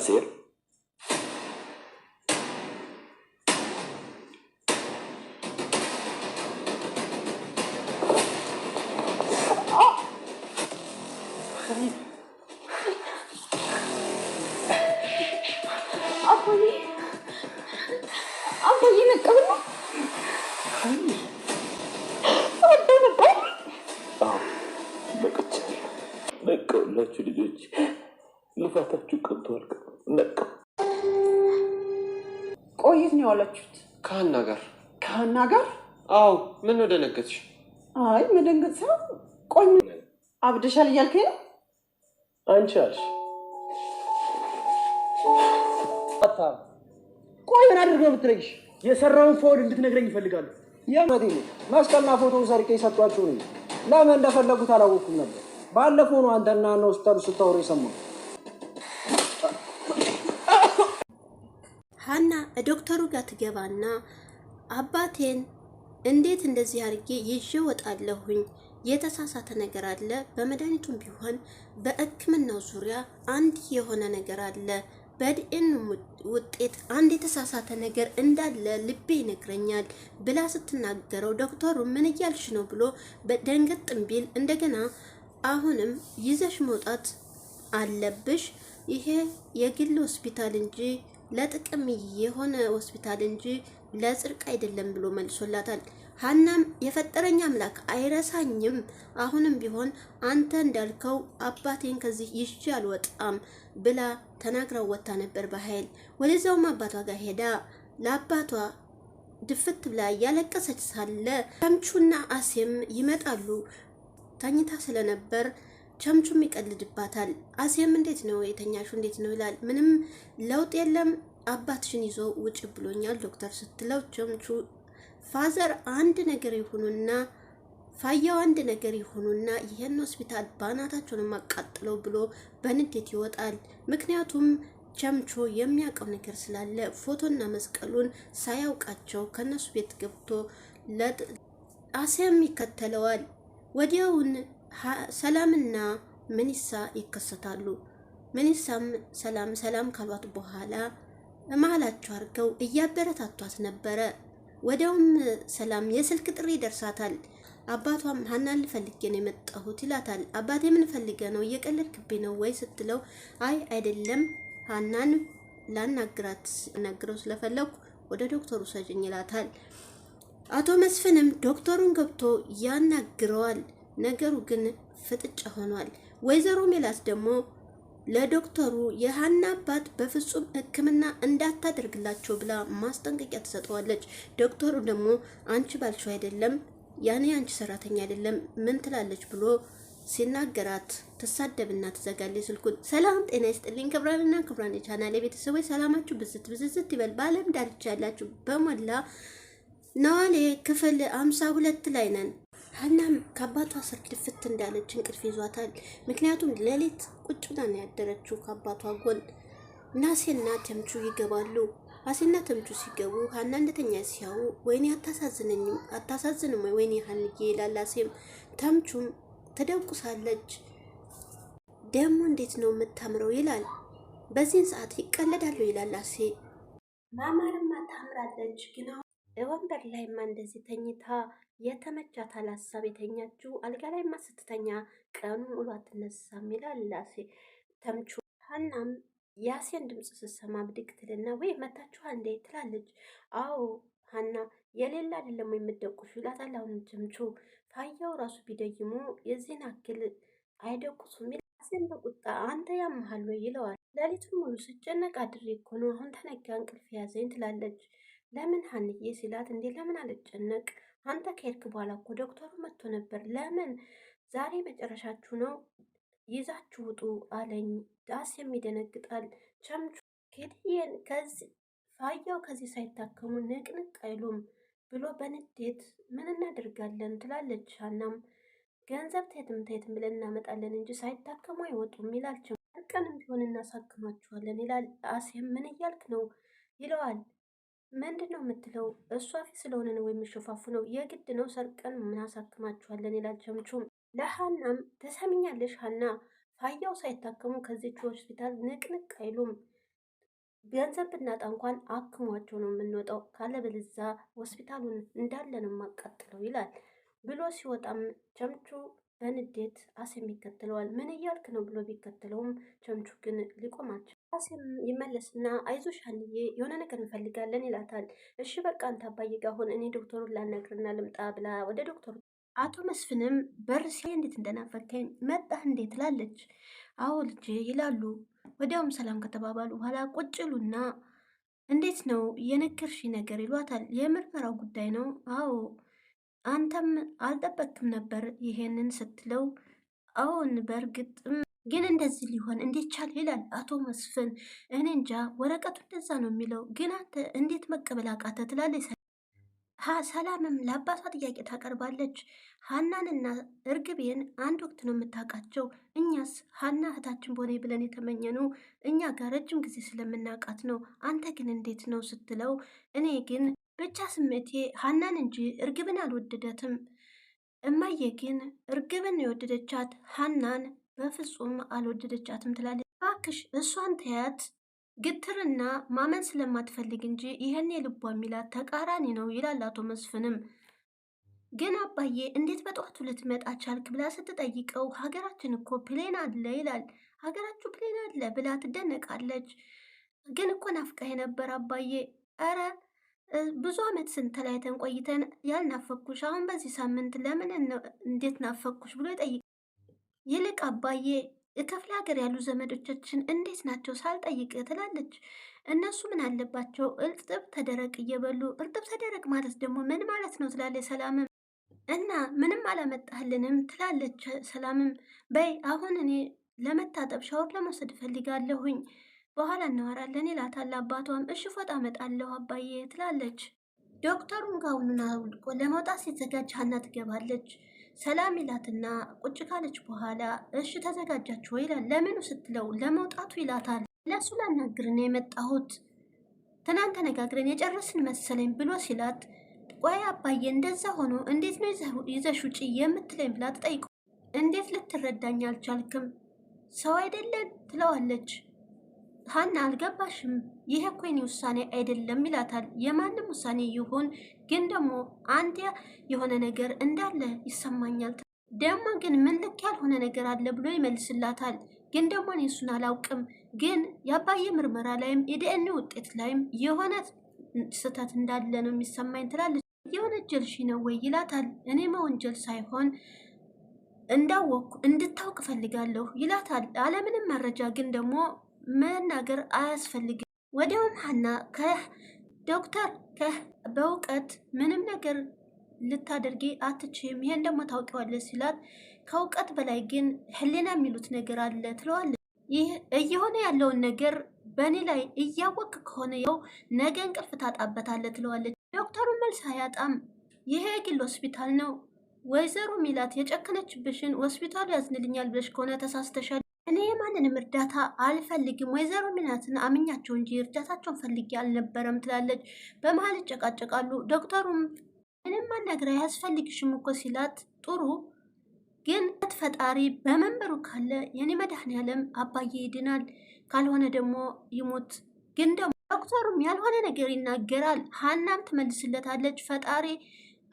hacer ነው አላችሁት? ከሀና ጋር። ከሀና ጋር? አዎ። ምን ነው ደነገጥሽ? አይ መደንገጥ ሳይሆን፣ ቆይ አብደሻል እያልከኝ ነው? አንቺ አልሽ። ቆይ ምን አድርገህ ነው የምትረጊሽ? የሰራውን ፎል እንድትነግረኝ ይፈልጋሉ። የመቴ መስቀልና ፎቶውን ሰርቄ የሰጧችሁ ነው። ለምን እንደፈለጉት አላወኩም ነበር። ባለፈው ነው አንተና ሆስፒታሉ ስታወሩ የሰማሁት። ሀና ዶክተሩ ጋር ትገባና አባቴን እንዴት እንደዚህ አድርጌ ይዤ ወጣለሁኝ የተሳሳተ ነገር አለ። በመድኃኒቱም ቢሆን በሕክምናው ዙሪያ አንድ የሆነ ነገር አለ። በድን ውጤት አንድ የተሳሳተ ነገር እንዳለ ልቤ ይነግረኛል ብላ ስትናገረው ዶክተሩ ምን እያልሽ ነው ብሎ በደንገጥም ቢል እንደገና አሁንም ይዘሽ መውጣት አለብሽ ይሄ የግል ሆስፒታል እንጂ ለጥቅም የሆነ ሆስፒታል እንጂ ለጽድቅ አይደለም ብሎ መልሶላታል። ሀናም የፈጠረኝ አምላክ አይረሳኝም፣ አሁንም ቢሆን አንተ እንዳልከው አባቴን ከዚህ ይዤ አልወጣም ብላ ተናግራው ወጥታ ነበር። በኃይል ወደዚያውም አባቷ ጋር ሄዳ ለአባቷ ድፍት ብላ እያለቀሰች ሳለ ተምቹና አሴም ይመጣሉ። ተኝታ ስለነበር ቸምቹም ይቀልድባታል። አሴም እንዴት ነው የተኛሹ? እንዴት ነው ይላል። ምንም ለውጥ የለም አባትሽን ይዞ ውጭ ብሎኛል ዶክተር ስትለው ቸምቹ ፋዘር አንድ ነገር ይሁኑና ፋያው አንድ ነገር ይሁኑና ይህን ሆስፒታል ባናታቸውን ማቃጥለው ብሎ በንዴት ይወጣል። ምክንያቱም ቸምቾ የሚያውቀው ነገር ስላለ ፎቶና መስቀሉን ሳያውቃቸው ከነሱ ቤት ገብቶ ለጥ አሴም ይከተለዋል ወዲያውን ሰላምና ምኒሳ ይከሰታሉ። ምኒሳም ሰላም ሰላም ካሏት በኋላ መሀላቸው አድርገው እያበረታቷት ነበረ። ወዲያውም ሰላም የስልክ ጥሪ ይደርሳታል። አባቷም ሀናን ልፈልጌ ነው የመጣሁት ይላታል። አባቴ ምን ፈልገ ነው እየቀለድክብኝ ነው ወይ ስትለው አይ አይደለም ሀናን ላናግራት ናግረው ስለፈለኩ ወደ ዶክተሩ ሰጅኝ ይላታል። አቶ መስፍንም ዶክተሩን ገብቶ ያናግረዋል። ነገሩ ግን ፍጥጫ ሆኗል። ወይዘሮ ሜላት ደግሞ ለዶክተሩ የሀና አባት በፍጹም ሕክምና እንዳታደርግላቸው ብላ ማስጠንቀቂያ ትሰጠዋለች። ዶክተሩ ደግሞ አንቺ ባልሽው አይደለም ያኔ አንቺ ሰራተኛ አይደለም ምን ትላለች ብሎ ሲናገራት ትሳደብና ትዘጋለች ስልኩን። ሰላም ጤና ይስጥልኝ ክብራንና ክብራን የቻናል የቤተሰቦች ሰላማችሁ ብዝት ብዝዝት ይበል። በአለም ዳርቻ ያላችሁ በሞላ ነዋሌ ክፍል አምሳ ሁለት ላይ ነን። ሀናም ከአባቷ ስር ድፍት እንዳለች እንቅልፍ ይዟታል። ምክንያቱም ሌሊት ቁጭ ብላ ነው ያደረችው ከአባቷ ጎን። ናሴና ተምቹ ይገባሉ። አሴና ተምቹ ሲገቡ ሀና እንደተኛ ሲያዩ ወይኔ አታሳዝነኝም አታሳዝንም ወይ ወይኔ ሀንዬ ይላል አሴም። ተምቹም ተደቁሳለች ደግሞ እንዴት ነው የምታምረው ይላል። በዚህን ሰዓት ይቀለዳሉ ይላል አሴ። ማማርማ ታምራለች ግን ወንበር ላይማ እንደዚህ ተኝታ የተመቻታል ሀሳብ የተኛችው አልጋ ላይማ ስትተኛ ቀኑን ውሎ አትነሳም ይላል ላሴ ተምቹ። ሀናም የአሴን ድምፅ ስትሰማ ብድግ ትልና ወይ መታችሁ እንዴ ትላለች። አዎ ሀና የሌላ አይደለም የምትደቁሽ ይላታል። አሁን ተምቹ ፋያው ራሱ ቢደይሙ የዚህን አክል አይደቁሱም። አሴን በቁጣ አንተ ያመሃል ወይ ይለዋል። ሌሊቱን ሙሉ ስጨነቅ አድሬ እኮ ነው አሁን ተነጋ እንቅልፍ ያዘኝ ትላለች። ለምን ሀንዬ ሲላት፣ እንዴ ለምን አልጨነቅ አንተ ከሄድክ በኋላ እኮ ዶክተሩ መጥቶ ነበር። ለምን ዛሬ መጨረሻችሁ ነው ይዛችሁ ውጡ አለኝ። ዳስ የሚደነግጣል ቸምቹ ኬድዬን ፋያው ከዚህ ሳይታከሙ ንቅንቅ አይሉም ብሎ በንዴት ምን እናደርጋለን ትላለች። ሀናም ገንዘብ ተየትም ተየትም ብለን እናመጣለን እንጂ ሳይታከሙ አይወጡም ይላል። ቀንም ቢሆን እናሳክማችኋለን ይላል። አሴም ምን እያልክ ነው ይለዋል። ምንድን ነው የምትለው? እሷ ፊት ስለሆነ ነው የሚሸፋፉ ነው የግድ ነው ሰርቀን ምናሳክማችኋለን ይላል ቸምቹም። ለሀናም ተሰምኛለሽ ሀና፣ ፋያው ሳይታከሙ ከዚች ሆስፒታል ንቅንቅ አይሉም። ገንዘብ ብናጣ እንኳን አክሟቸው ነው የምንወጣው፣ ካለበልዛ ሆስፒታሉን እንዳለ ነው የማቃጥለው ይላል ብሎ ሲወጣም ቸምቹ በንዴት አሴም ይከተለዋል። ምን እያልክ ነው ብሎ ቢከተለውም ቸምቹ ግን ሊቆማቸው ራሴም ይመለስና አይዞሽ ሀንዬ የሆነ ነገር እንፈልጋለን ይላታል። እሺ በቃ አንተ አባዬ ጋር እኔ ዶክተሩን ላናግርና ልምጣ ብላ ወደ ዶክተሩ አቶ መስፍንም በርሴ እንዴት እንደናፈከኝ መጣህ እንዴ ትላለች። አዎ ልጄ ይላሉ። ወዲያውም ሰላም ከተባባሉ በኋላ ቁጭሉና እንዴት ነው የነገርሽ ነገር ይሏታል። የምርመራው ጉዳይ ነው። አዎ አንተም አልጠበቅም ነበር ይሄንን ስትለው፣ አዎን በእርግጥም ግን እንደዚህ ሊሆን እንዴት ቻል ይላል አቶ መስፍን። እኔ እንጃ ወረቀቱ እንደዛ ነው የሚለው፣ ግን አንተ እንዴት መቀበል አቃተ ትላለች ሰላምም ለአባቷ ጥያቄ ታቀርባለች። ሀናንና እርግቤን አንድ ወቅት ነው የምታውቃቸው። እኛስ ሀና እህታችን በሆነ ብለን የተመኘኑ እኛ ጋር ረጅም ጊዜ ስለምናውቃት ነው። አንተ ግን እንዴት ነው ስትለው፣ እኔ ግን ብቻ ስሜቴ ሀናን እንጂ እርግብን አልወደደትም። እማዬ ግን እርግብን የወደደቻት ሀናን በፍጹም አልወደደቻትም ትላለች። እባክሽ እሷን ተያት፣ ግትርና ማመን ስለማትፈልግ እንጂ ይህን የልቧ የሚላት ተቃራኒ ነው ይላል አቶ መስፍንም። ግን አባዬ እንዴት በጠዋቱ ልትመጣ ቻልክ ብላ ስትጠይቀው ሀገራችን እኮ ፕሌን አለ ይላል። ሀገራችሁ ፕሌን አለ ብላ ትደነቃለች። ግን እኮ ናፍቃ ነበር አባዬ። ኧረ ብዙ ዓመት ስንተላይተን ቆይተን ያልናፈኩሽ አሁን በዚህ ሳምንት ለምን እንዴት ናፈኩሽ ብሎ ይጠይቃል። ይልቅ አባዬ ከፍለ ሀገር ያሉ ዘመዶቻችን እንዴት ናቸው ሳልጠይቅ ትላለች። እነሱ ምን አለባቸው እርጥብ ተደረቅ እየበሉ እርጥብ ተደረቅ ማለት ደግሞ ምን ማለት ነው ትላለች ሰላምም። እና ምንም አላመጣህልንም ትላለች ሰላምም። በይ አሁን እኔ ለመታጠብ ሻወር ለመውሰድ እፈልጋለሁኝ በኋላ እናወራለን ይላታል። አባቷም እሺ ፎጣ አመጣለሁ አባዬ ትላለች። ዶክተሩን ጋውኑን አውልቆ ለመውጣት ሲዘጋጅ ሀና ትገባለች። ሰላም ይላትና ቁጭ ካለች በኋላ እሺ ተዘጋጃችሁ ወይ ይላል። ለምኑ ስትለው ለመውጣቱ ይላታል። ለእሱ ላናግርን የመጣሁት ትናንት ተነጋግረን የጨረስን መሰለኝ ብሎ ሲላት፣ ቆይ አባዬ እንደዛ ሆኖ እንዴት ነው ይዘሽ ውጪ የምትለኝ ብላ ትጠይቀው። እንዴት ልትረዳኝ አልቻልክም ሰው አይደለን ትለዋለች። ሀና አልገባሽም፣ ይሄ እኮ የኔ ውሳኔ አይደለም ይላታል። የማንም ውሳኔ ይሁን ግን ደግሞ አንድ የሆነ ነገር እንዳለ ይሰማኛል። ደግሞ ግን ምን ልክ ያልሆነ ነገር አለ ብሎ ይመልስላታል። ግን ደግሞ እኔ እሱን አላውቅም፣ ግን የአባዬ ምርመራ ላይም የዲኤንኤ ውጤት ላይም የሆነ ስህተት እንዳለ ነው የሚሰማኝ ትላለች። የወነጀልሽ ነው ወይ ይላታል። እኔ መወንጀል ሳይሆን እንዳወቅኩ እንድታውቅ እፈልጋለሁ ይላታል። አለምንም መረጃ ግን ደግሞ መናገር አያስፈልግም። ወዲያውም ሀና ከዶክተር በእውቀት ምንም ነገር ልታደርጊ አትችም፣ ይሄን ደግሞ ታውቂዋለሽ ሲላት፣ ከእውቀት በላይ ግን ህሊና የሚሉት ነገር አለ ትለዋለች። ይህ እየሆነ ያለውን ነገር በእኔ ላይ እያወቅ ከሆነ ያው ነገ እንቅልፍ ታጣበታለ ትለዋለች። ዶክተሩ መልስ አያጣም። ይሄ የግል ሆስፒታል ነው ወይዘሮ ሚላት የጨከነችብሽን ሆስፒታሉ ያዝንልኛል ብለሽ ከሆነ ተሳስተሻል። እኔ የማንንም እርዳታ አልፈልግም። ወይዘሮ ሚናትን አምኛቸው እንጂ እርዳታቸውን ፈልጌ አልነበረም ትላለች። በመሀል ይጨቃጨቃሉ። ዶክተሩም ምንም ማናገር አያስፈልግሽም እኮ ሲላት ጥሩ ግን ፈጣሪ በመንበሩ ካለ የኔ መድኃኔዓለም አባዬ ይድናል፣ ካልሆነ ደግሞ ይሞት። ግን ደግሞ ዶክተሩም ያልሆነ ነገር ይናገራል። ሀናም ትመልስለታለች ፈጣሪ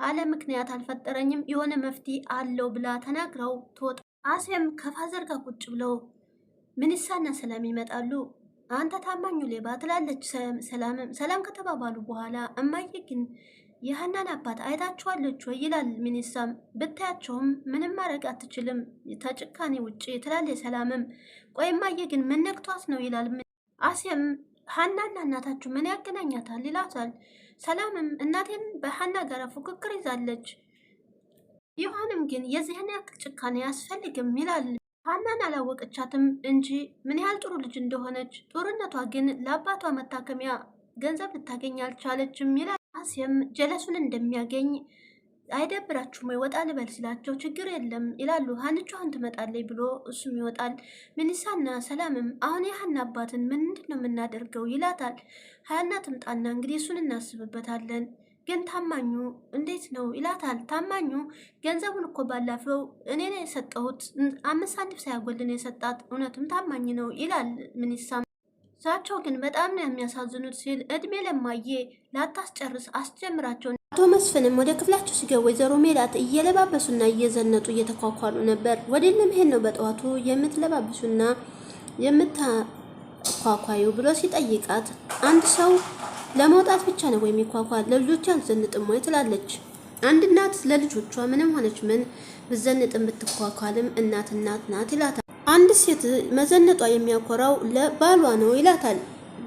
አለ ምክንያት አልፈጠረኝም የሆነ መፍትሄ አለው ብላ ተናግረው ትወጣ አሴም ከፋዘር ጋር ቁጭ ብለው ይሳና ሰላም ይመጣሉ። አንተ ታማኙ ሌባ ትላለች ሰላምም። ሰላም ከተባባሉ በኋላ እማዬ ግን የሀናን አባት አይታችኋለች ወይ ይላል ሚኒሳም። ብታያቸውም ምንም ማድረግ አትችልም ተጭካኔ ውጭ ትላለች ሰላምም። ቆይ እማዬ ግን ምን ነክቷት ነው ይላል አሴም። ሀናና እናታችሁ ምን ያገናኛታል ይላታል። ሰላምም እናቴን በሀና ጋር ፉክክር ይዛለች ይሁንም ግን የዚህን ያክል ጭካኔ አያስፈልግም ይላል። ሀናን አላወቀቻትም እንጂ ምን ያህል ጥሩ ልጅ እንደሆነች፣ ጦርነቷ ግን ለአባቷ መታከሚያ ገንዘብ ልታገኝ አልቻለችም ይላል። አሴም ጀለሱን እንደሚያገኝ አይደብራችሁም ወይ? ወጣ ልበል ሲላቸው ችግር የለም ይላሉ። ሀንቹ አሁን ትመጣለች ብሎ እሱም ይወጣል። ሚኒሳና ሰላምም አሁን የሀና አባትን ምንድን ነው የምናደርገው ይላታል። ሀያና ትምጣና እንግዲህ እሱን እናስብበታለን ግን ታማኙ እንዴት ነው ይላታል። ታማኙ ገንዘቡን እኮ ባላፈው እኔ ነው የሰጠሁት፣ አምስት ሳንቲም ሳያጎልን የሰጣት እውነቱም ታማኝ ነው ይላል። ምን ይሳም እሳቸው ግን በጣም ነው የሚያሳዝኑት ሲል እድሜ ለማዬ ላታስጨርስ አስጀምራቸው። አቶ መስፍንም ወደ ክፍላቸው ሲገቡ ወይዘሮ ሜላት እየለባበሱና እየዘነጡ እየተኳኳሉ ነበር። ወደ ለመሄድ ነው በጠዋቱ የምትለባብሱና የምታኳኳዩ ብሎ ሲጠይቃት አንድ ሰው ለመውጣት ብቻ ነው ወይ የሚኳኳል? ለልጆቿ አልዘንጥም ወይ ትላለች። አንድ እናት ለልጆቿ ምንም ሆነች ምን ብዘንጥም ብትኳኳልም እናት እናት ናት ይላታል። አንድ ሴት መዘነጧ የሚያኮራው ለባሏ ነው ይላታል።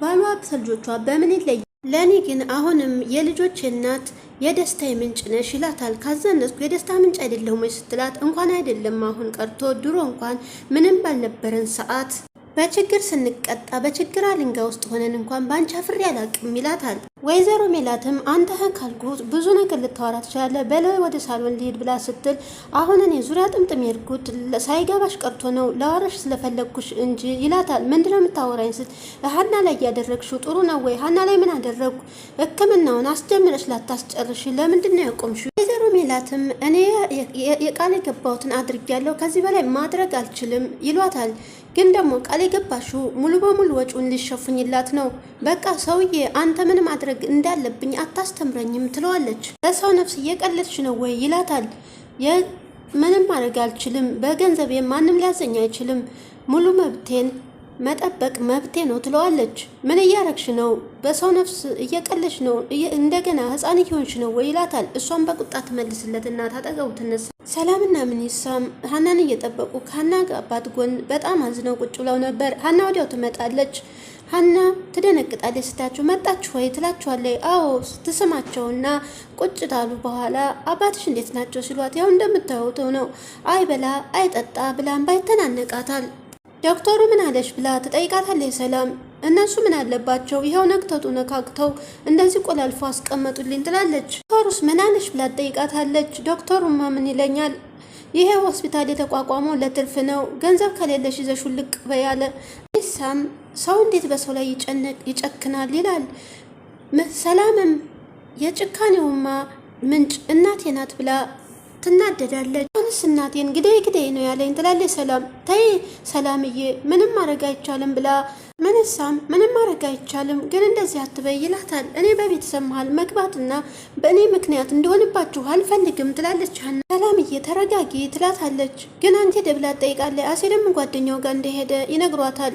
ባሏ ከልጆቿ በምን ይለያል? ለእኔ ግን አሁንም የልጆች እናት የደስታ ምንጭ ነሽ ይላታል። ካዘነስኩ የደስታ ምንጭ አይደለሁም ስትላት እንኳን አይደለም አሁን ቀርቶ ድሮ እንኳን ምንም ባልነበረን ሰዓት በችግር ስንቀጣ በችግር አልንጋ ውስጥ ሆነን እንኳን በአንቺ አፍሬ አላቅም ይላታል። ወይዘሮ ሜላትም አንተ ካልኩ ብዙ ነገር ልታወራ ትችላለህ፣ በለው ወደ ሳሎን ሊሄድ ብላ ስትል አሁን እኔ ዙሪያ ጥምጥም የሄድኩት ሳይገባሽ ቀርቶ ነው ለዋረሽ ስለፈለግኩሽ እንጂ ይላታል። ምንድነው የምታወራኝ ስት ሀና ላይ ያደረግሽው ጥሩ ነው ወይ? ሀና ላይ ምን አደረግኩ? ህክምናውን አስጀምረሽ ላታስጨርሽ ለምንድን ነው ያቆምሽው? ወይዘሮ ሜላትም እኔ የቃል የገባሁትን አድርጊያለሁ፣ ከዚህ በላይ ማድረግ አልችልም ይሏታል። ግን ደግሞ ቃል የገባሽው ሙሉ በሙሉ ወጪውን ልሸፉኝላት ነው። በቃ ሰውዬ አንተ ምን ማድረግ እንዳለብኝ አታስተምረኝም ትለዋለች። ለሰው ነፍስ እየቀለድሽ ነው ወይ ይላታል። ምንም ማድረግ አልችልም፣ በገንዘቤ ማንም ሊያዘኝ አይችልም፣ ሙሉ መብቴን መጠበቅ መብቴ ነው ትለዋለች። ምን እያረግሽ ነው? በሰው ነፍስ እየቀለሽ ነው፣ እንደገና ህፃን እየሆንሽ ነው ወይ ይላታል። እሷም በቁጣ ትመልስለትና ታጠገቡ ትነሳ። ሰላምና ምኒሳም ሀናን እየጠበቁ ከሀና አባት ጎን በጣም አዝነው ቁጭ ብለው ነበር። ሀና ወዲያው ትመጣለች። ሀና ትደነግጣለች። ስታያቸው መጣችሁ ወይ ትላችኋለች። አዎ ስትስማቸውና ቁጭ ታሉ በኋላ አባትሽ እንዴት ናቸው ሲሏት ያው እንደምታዩት ነው፣ አይ በላ አይ ጠጣ ብላም ባይተናነቃታል ዶክተሩ ምን አለሽ ብላ ትጠይቃታለች ሰላም። እነሱ ምን አለባቸው ይኸው ነክተቱ ነካክተው እንደዚህ ቆላልፎ አስቀመጡልኝ ትላለች። ዶክተሩስ ምን አለሽ ብላ ትጠይቃታለች። ዶክተሩማ ምን ይለኛል ይሄ ሆስፒታል የተቋቋመው ለትርፍ ነው፣ ገንዘብ ከሌለሽ ይዘሽ ልቅ በያለ ሳም ሰው እንዴት በሰው ላይ ይጨነቅ ይጨክናል ይላል። ሰላምም የጭካኔውማ ምንጭ እናቴ ናት ብላ ትናደዳለች። ሆንስ እናቴን ግዴ ግዴ ነው ያለኝ ትላለች። ሰላም ተይ ሰላምዬ፣ ምንም ማድረግ አይቻልም ብላ መነሳም ምንም ማድረግ አይቻልም ግን እንደዚህ አትበይ ይላታል። እኔ በቤተሰብ መሀል መግባትና በእኔ ምክንያት እንደሆንባችሁ አልፈልግም ትላለች። ሰላምዬ ተረጋጊ ትላታለች። ግን አንቴ ደብላ ጠይቃለ አሴ ደግሞ ጓደኛው ጋር እንደሄደ ይነግሯታል።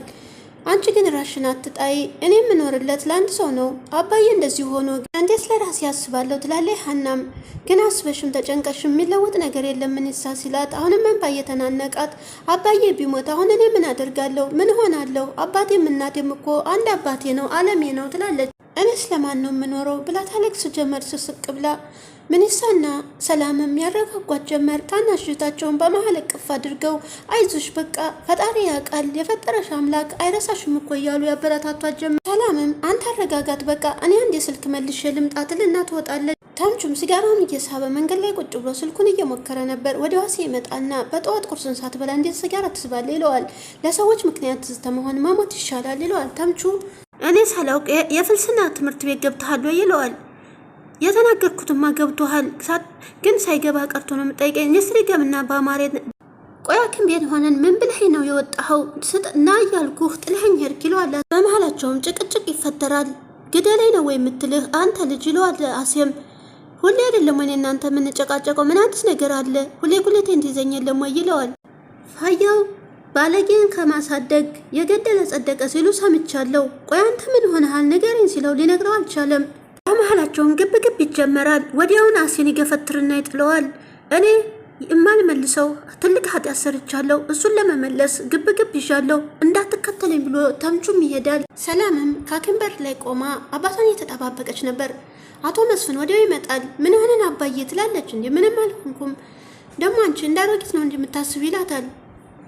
አንቺ ግን ራሽን አትጣይ። እኔ የምኖርለት ለአንድ ሰው ነው። አባዬ እንደዚህ ሆኖ እንዴት ለራሴ ያስባለሁ ትላለች። ሀናም ግን አስበሽም ተጨንቀሽም የሚለወጥ ነገር የለም ምንሳ ሲላት፣ አሁንም መንባ እየተናነቃት አባዬ ቢሞት አሁን እኔ ምን አደርጋለሁ? ምን ሆናለሁ? አባቴም እናቴም እኮ አንድ አባቴ ነው፣ አለሜ ነው ትላለች። እኔስ ለማን ነው የምኖረው ብላ ታለቅስ ጀመር ስስቅ ብላ ምንሳና ሰላምም ያረጋጓት ጀመር። ታናሽ በመሀል እቅፍ አድርገው አይዞሽ በቃ ፈጣሪ ያውቃል የፈጠረሽ አምላክ አይረሳሽም እኮ እያሉ ያበረታቷት ጀመር። ሰላምም አንተ አረጋጋት በቃ እኔ አንድ የስልክ መልሼ ልምጣ ትልና ትወጣለች። ታምቹም ሲጋራውን እየሳበ መንገድ ላይ ቁጭ ብሎ ስልኩን እየሞከረ ነበር። ወደ ዋሴ ይመጣና በጠዋት ቁርስን ሳትበላ እንዴት ሲጋራ ትስባለ ይለዋል። ለሰዎች ምክንያት ትዝተ መሆን መሞት ይሻላል ይለዋል። ታምቹ እኔ ሳላውቅ የፍልስና ትምህርት ቤት ገብተሃል ይለዋል። የተናገርኩትማ ገብቶሃል፣ ግን ሳይገባ ቀርቶ ነው የምጠይቀኝ። የስሪገምና በአማሬ ቆያክም ቤት ሆነን ምን ብልህ ነው የወጣኸው? ስጥና እያልኩህ ጥልህኝ ሄድክ ይለዋል። በመሀላቸውም ጭቅጭቅ ይፈጠራል። ግደላይ ነው ወይ የምትልህ አንተ ልጅ ይለዋል አሴም ሁሌ አይደለም ወይ እናንተ የምንጨቃጨቀው? ምን አዲስ ነገር አለ? ሁሌ ጉሌቴ እንዲዘኝ የለም ወይ ይለዋል። ፋያው ባለጌን ከማሳደግ የገደለ ጸደቀ ሲሉ ሰምቻለሁ። ቆይ አንተ ምን ሆነሃል ንገረኝ ሲለው ሊነግረው አልቻለም። በመሀላቸውም ግብግብ ይጀመራል። ወዲያውን አሴን ይገፈትርና ይጥለዋል። እኔ የማልመልሰው ትልቅ ኃጢአት ሰርቻለሁ። እሱን ለመመለስ ግብግብ ይዣለሁ እንዳትከተለኝ ብሎ ተምቹም ይሄዳል። ሰላምም ከክንበር ላይ ቆማ አባቷን እየተጠባበቀች ነበር። አቶ መስፍን ወዲያው ይመጣል። ምን ሆነን አባዬ ትላለች። እንዴ ምንም አልሆንኩም፣ ደግሞ አንቺ እንዳሮጊት ነው እንደምታስብ ይላታል።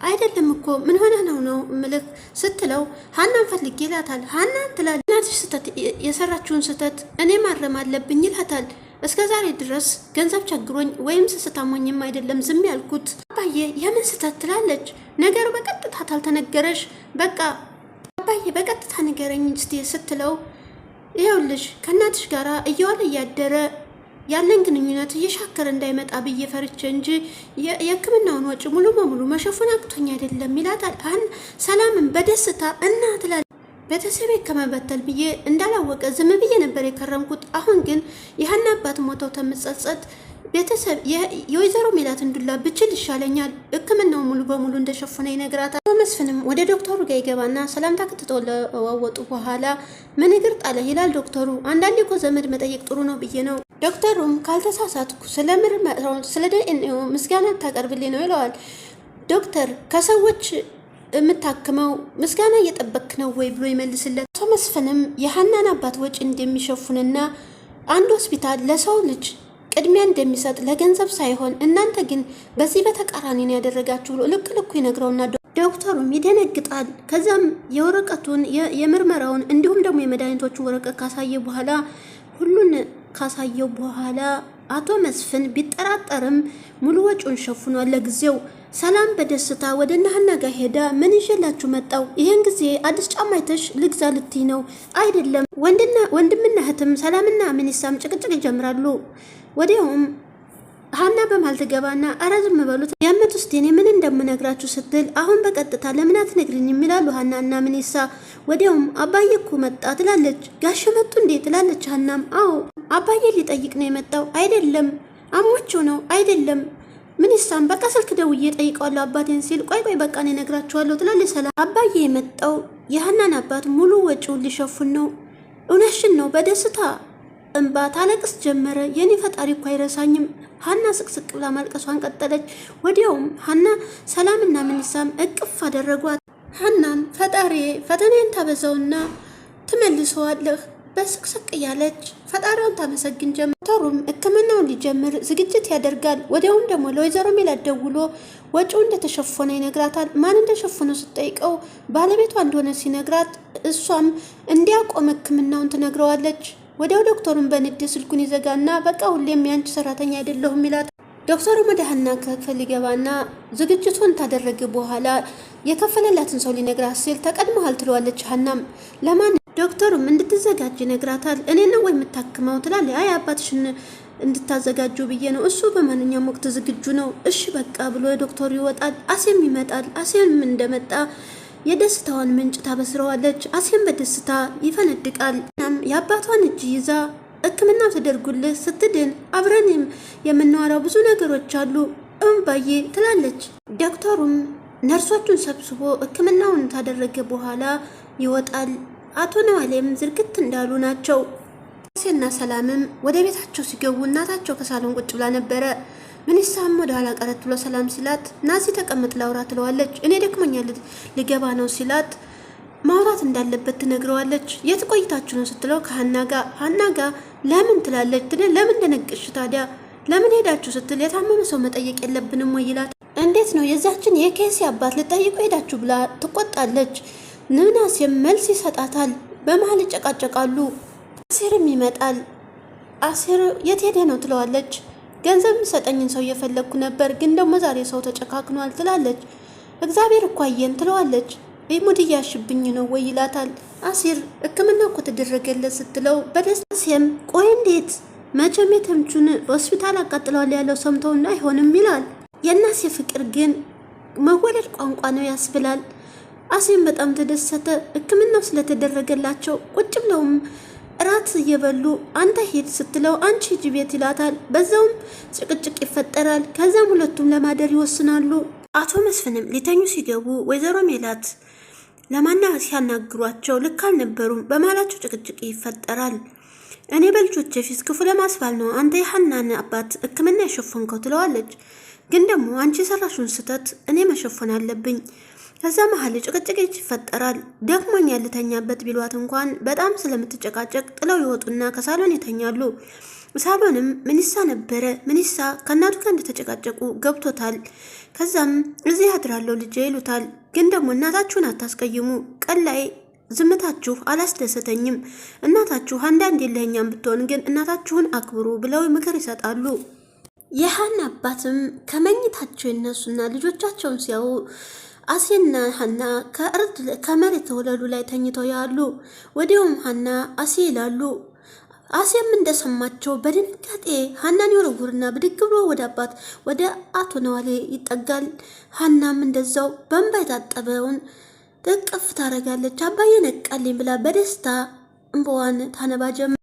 አይደለም እኮ ምን ሆነ ነው ነው ምልክ ስትለው ሀናን ፈልጌ ይላታል። ሀናን ትላለች። የእናትሽ ስህተት የሰራችውን ስህተት እኔ ማረም አለብኝ ይላታል። እስከ ዛሬ ድረስ ገንዘብ ቸግሮኝ ወይም ስስታሞኝም አይደለም ዝም ያልኩት። አባዬ የምን ስህተት ትላለች። ነገሩ በቀጥታ ታልተነገረሽ በቃ አባዬ በቀጥታ ንገረኝ እስቲ ስትለው ይኸውልሽ ከእናትሽ ጋር እየዋለ እያደረ ያለን ግንኙነት እየሻከረ እንዳይመጣ ብዬ ፈርቼ እንጂ የሕክምናውን ወጪ ሙሉ በሙሉ መሸፉን አቅቶኝ አይደለም ይላታል። አን ሰላምን በደስታ እና ትላለች። ቤተሰቤ ከመበተል ብዬ እንዳላወቀ ዝም ብዬ ነበር የከረምኩት። አሁን ግን ይህን አባት ሞተው ተምጸጸት ቤተሰብ የወይዘሮ ሜላትን ዱላ ብችል ይሻለኛል። ሕክምናው ሙሉ በሙሉ እንደሸፈነ ይነግራታል። መስፍንም ወደ ዶክተሩ ጋር ይገባና ሰላምታ ከተለዋወጡ በኋላ ምን እግር ጣለ ይላል ዶክተሩ። አንዳንዴ እኮ ዘመድ መጠየቅ ጥሩ ነው ብዬ ነው። ዶክተሩም ካልተሳሳትኩ ስለ ምርመራው ስለ ዲኤንኤው ምስጋና ታቀርብልኝ ነው ይለዋል። ዶክተር ከሰዎች የምታክመው ምስጋና እየጠበክ ነው ወይ ብሎ ይመልስለት። አቶ መስፍንም የሀናን አባት ወጪ እንደሚሸፉንና አንድ ሆስፒታል ለሰው ልጅ ቅድሚያ እንደሚሰጥ ለገንዘብ ሳይሆን እናንተ ግን በዚህ በተቃራኒን ያደረጋችሁ ብሎ ልክ ልኩ ይነግረውና ዶክተሩም ይደነግጣል። ከዚያም የወረቀቱን የምርመራውን እንዲሁም ደግሞ የመድኃኒቶቹ ወረቀት ካሳየ በኋላ ሁሉን ካሳየው በኋላ አቶ መስፍን ቢጠራጠርም ሙሉ ወጪውን ሸፍኗል ለጊዜው። ሰላም በደስታ ወደ ናሀና ጋር ሄዳ ምን ይዤላችሁ መጣው? ይህን ጊዜ አዲስ ጫማ አይተሽ ልግዛ ልትይ ነው አይደለም? ወንድምና እህትም ሰላምና ምኒሳም ጭቅጭቅ ይጀምራሉ። ወዲያውም ሀና በማል ትገባና ኧረ ዝም በሉት የምት ውስጥ እኔ ምን እንደምነግራችሁ ስትል አሁን በቀጥታ ለምን አትነግሪኝ የሚላሉ ሀናና ምኒሳ። ወዲያውም አባዬ እኮ መጣ ትላለች። ጋሽ መጡ እንዴ ትላለች ሀናም። አዎ አባዬ ሊጠይቅ ነው የመጣው አይደለም? አሞቹ ነው አይደለም? ምን በቃ ስልክ ደውዬ ጠይቀዋለሁ አባቴን ሲል ቆይ ቆይ በቃ እኔ እነግራቸዋለሁ ትላለች ሰላም። አባዬ የመጣው የሀናን አባት ሙሉ ወጪውን ሊሸፉን ነው። እውነሽን ነው። በደስታ እንባ ታለቅስ ጀመረ። የኔ ፈጣሪ እኮ አይረሳኝም። ሀና ስቅስቅ ብላ ማልቀሷን ቀጠለች። ወዲያውም ሀና ሰላምና ምንሳም እቅፍ አደረጓት። ሀናም ፈጣሪ ፈተናን ታበዛውና ትመልሰዋለህ በስቅስቅ እያለች ፈጣሪውን ታመሰግን ጀመር። ዶክተሩም ሕክምናውን ሊጀምር ዝግጅት ያደርጋል። ወዲያውም ደግሞ ለወይዘሮ ሜላት ደውሎ ወጪው እንደተሸፈነ ይነግራታል። ማን እንደሸፈነ ስትጠይቀው ባለቤቷ እንደሆነ ሲነግራት እሷም እንዲያቆም ሕክምናውን ትነግረዋለች። ወዲያው ዶክተሩን በንድ ስልኩን ይዘጋና በቃ ሁሌም ያንቺ ሰራተኛ አይደለሁም ይላታል። ዶክተሩ መድህና ሀና ክፍል ይገባና ዝግጅቱን ታደረገ በኋላ የከፈለላትን ሰው ሊነግራት ሲል ተቀድመሃል ትለዋለች። ሀናም ለማን ዶክተሩም እንድትዘጋጅ ይነግራታል። እኔ ነው ወይ የምታክመው ትላለ። አይ አባትሽን እንድታዘጋጁ ብዬ ነው። እሱ በማንኛውም ወቅት ዝግጁ ነው። እሺ በቃ ብሎ ዶክተሩ ይወጣል። አሴም ይመጣል። አሴም እንደመጣ የደስታዋን ምንጭ ታበስረዋለች። አሴም በደስታ ይፈነድቃል። እናም የአባቷን እጅ ይዛ ሕክምና ተደርጉልህ ስትድን አብረን የምናወራው ብዙ ነገሮች አሉ እምባዬ ትላለች። ዶክተሩም ነርሶቹን ሰብስቦ ሕክምናውን ታደረገ በኋላ ይወጣል። አቶ ነዋሌም ዝርግት እንዳሉ ናቸው። ሴና ሰላምም ወደ ቤታቸው ሲገቡ እናታቸው ከሳሎን ቁጭ ብላ ነበረ። ምንሳም ወደ ኋላ ቀረት ብሎ ሰላም ሲላት ናዚ ተቀምጥ ላውራ ትለዋለች። እኔ ደክሞኛል ልገባ ነው ሲላት ማውራት እንዳለበት ትነግረዋለች። የት ቆይታችሁ ነው ስትለው ከሀና ጋ ሀና ጋ ለምን ትላለች። ለምን ደነቅሽ ታዲያ ለምን ሄዳችሁ ስትል የታመመ ሰው መጠየቅ የለብንም ወይ ይላት። እንዴት ነው የዛችን የኬሲ አባት ልጠይቁ ሄዳችሁ ብላ ትቆጣለች። ምናሴም መልስ ይሰጣታል። በመሀል ይጨቃጨቃሉ። አሴርም ይመጣል። አሴር የት ሄደ ነው ትለዋለች። ገንዘብ የሚሰጠኝን ሰው እየፈለግኩ ነበር፣ ግን ደግሞ ዛሬ ሰው ተጨካክኗል ትላለች። እግዚአብሔር እኮ አየን ትለዋለች። ሙድ እያሽብኝ ነው ወይ ይላታል። አሲር ህክምና እኮ ተደረገለት ስትለው በደስታ ሴም ቆይ እንዴት መቼም የተምቹን ሆስፒታል አቃጥለዋል ያለው ሰምተውና አይሆንም ይላል። የእናሴ ፍቅር ግን መወለድ ቋንቋ ነው ያስብላል። አሴም በጣም ተደሰተ። ሕክምናው ስለተደረገላቸው ቁጭ ብለውም እራት እየበሉ አንተ ሄድ ስትለው አንቺ ሂጂ ቤት ይላታል። በዛውም ጭቅጭቅ ይፈጠራል። ከዚያም ሁለቱም ለማደር ይወስናሉ። አቶ መስፍንም ሊተኙ ሲገቡ ወይዘሮ ሜላት ለማና ሲያናግሯቸው ልክ አልነበሩም። በማላቸው ጭቅጭቅ ይፈጠራል። እኔ በልጆቼ ፊት ክፉ ለማስባል ነው አንተ የሀናን አባት ሕክምና የሸፈንከው ትለዋለች። ግን ደግሞ አንቺ የሰራሽውን ስህተት እኔ መሸፈን አለብኝ ከዛ መሀል ጭቅጭቅ ይፈጠራል። ደክሞኝ ያልተኛበት ቢሏት እንኳን በጣም ስለምትጨቃጨቅ ጥለው ይወጡና ከሳሎን ይተኛሉ። ሳሎንም ምንሳ ነበረ። ምንሳ ከእናቱ ጋር እንደተጨቃጨቁ ገብቶታል። ከዛም እዚህ አድራለሁ ልጄ ይሉታል። ግን ደግሞ እናታችሁን አታስቀይሙ፣ ቀን ላይ ዝምታችሁ አላስደሰተኝም፣ እናታችሁ አንዳንድ የለኛም ብትሆን ግን እናታችሁን አክብሩ ብለው ምክር ይሰጣሉ። የሀና አባትም ከመኝታቸው ይነሱና ልጆቻቸውን ሲያዩ አሴና ሀና ከእርድ ከመሬት ወለሉ ላይ ተኝተው ያሉ። ወዲያውም ሀና አሴ ይላሉ። አሴም እንደሰማቸው በድንጋጤ ሀናን ይወረውርና ብድግ ብሎ ወደ አባት ወደ አቶ ነዋሌ ይጠጋል። ሀናም እንደዛው በእንባ የታጠበውን እቅፍ ታደርጋለች። አባዬ ነቃልኝ ብላ በደስታ እንባዋን ታነባ ጀመ